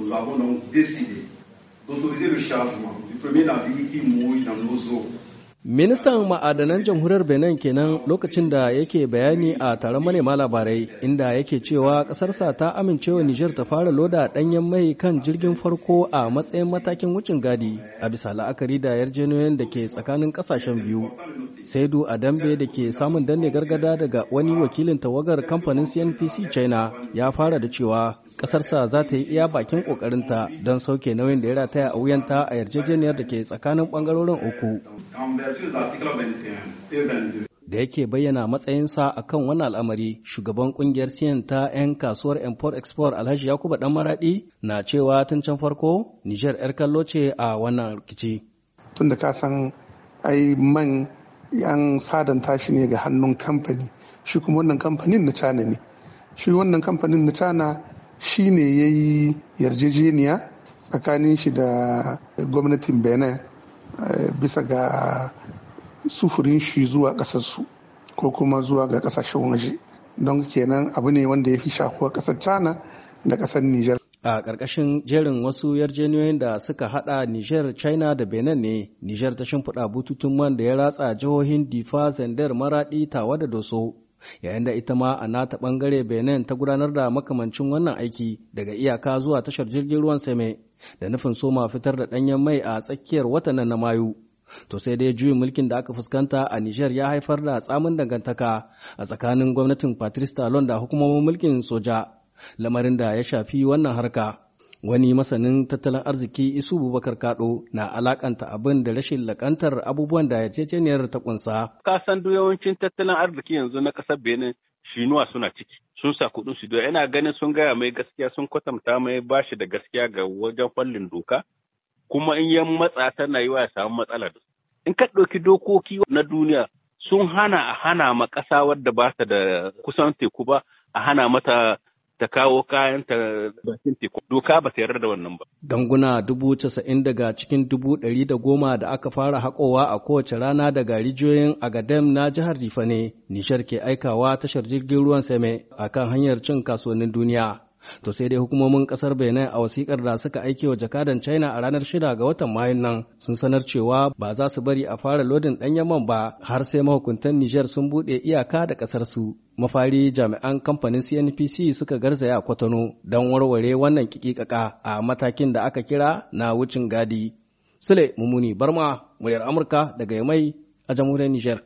nous avons donc décidé d'autoriser le chargement du premier navire qui mouille dans nos eaux Ministan ma'adanan jamhuriyar Benin kenan lokacin da yake bayani a taron manema labarai inda yake cewa ƙasarsa ta amincewa Nijar ta fara loda ɗanyen mai kan jirgin farko a matsayin matakin wucin gadi a bisa la'akari da yarjejeniyoyin da ke tsakanin ƙasashen biyu. Saidu dambe da ke samun danne gargada daga wani wakilin tawagar kamfanin CNPC China ya fara da cewa ƙasarsa za ta yi iya bakin ƙoƙarinta don sauke nauyin da ya rataya a wuyanta a yarjejeniyar da ke tsakanin bangarorin uku. Da yake bayyana matsayinsa a kan wannan al'amari, shugaban kungiyar siyan ta 'yan kasuwar Import Export Alhaji yakuba Dan Maradi na cewa tun can farko Nijar 'yar kallo ce a wannan rikici. Tun da ka san ai man yan sadan tashi ne ga hannun kamfani, shi kuma wannan kamfanin na Cana ne. Shi wannan kamfanin na Cana shi ne ya yi yarjejeniya tsakanin shi da gwamnatin Benin Eh, bisa ga sufurin shi zuwa ƙasarsu ko kuma zuwa ga ƙasashen waje don kenan abu ne wanda ya fi shafuwa ƙasar china da ƙasar Nijar. a ƙarƙashin jerin wasu yarjejeniyoyin da suka haɗa niger china da benin ne niger ta shimfiɗa bututun man da ya ratsa jihohin difa zandar maraɗi tawa da doso yayin da ita ma a nata ɓangare benin ta gudanar da makamancin wannan aiki daga iyaka zuwa tashar jirgin ruwan seme da nufin soma fitar da ɗanyen mai a tsakiyar watan na Mayu. To sai dai juyin mulkin da aka fuskanta a Nijar ya haifar da tsamin dangantaka a tsakanin gwamnatin Patrice Talon da hukumomin mulkin soja, lamarin da ya shafi wannan harka. Wani masanin tattalin arziki Isu Bubakar Kado na alakanta abin da rashin lakantar abubuwan da ya ce ta kunsa. Ka san yawancin tattalin arziki yanzu na ƙasar Benin shinuwa suna ciki sun sa kuɗin su da Ina ganin sun gaya mai gaskiya sun kwatanta mai bashi da gaskiya ga wajen fallin doka kuma in yan matsa tana yi ya samu matsala da su in ka ɗauki dokoki na duniya sun hana a hana ma ƙasa wadda ba ta da kusan teku ba a hana mata ta kawo kayan ta bakin teku doka ba ta yarda da wannan ba. Ganguna dubu casa'in daga cikin dubu ɗari da goma da aka fara haƙowa a kowace rana daga rijiyoyin Agadem na jihar Rifa ne, Nishar ke aikawa tashar jirgin ruwan Seme akan hanyar cin kasuwannin duniya. To sai dai hukumomin ƙasar Benin a wasikar da suka aiki wa jakadan China a ranar shida ga watan Mayun nan sun sanar cewa ba za su bari a fara lodin ɗanyen yaman ba har sai mahukuntan Nijar sun buɗe iyaka da ƙasar su. Mafari jami'an kamfanin CNPC suka garzaya a Kwatano don warware wannan kikikaka a matakin da aka kira na wucin gadi. Sule Mumuni Barma, muryar Amurka daga Yamai a jamhuriyar Nijar.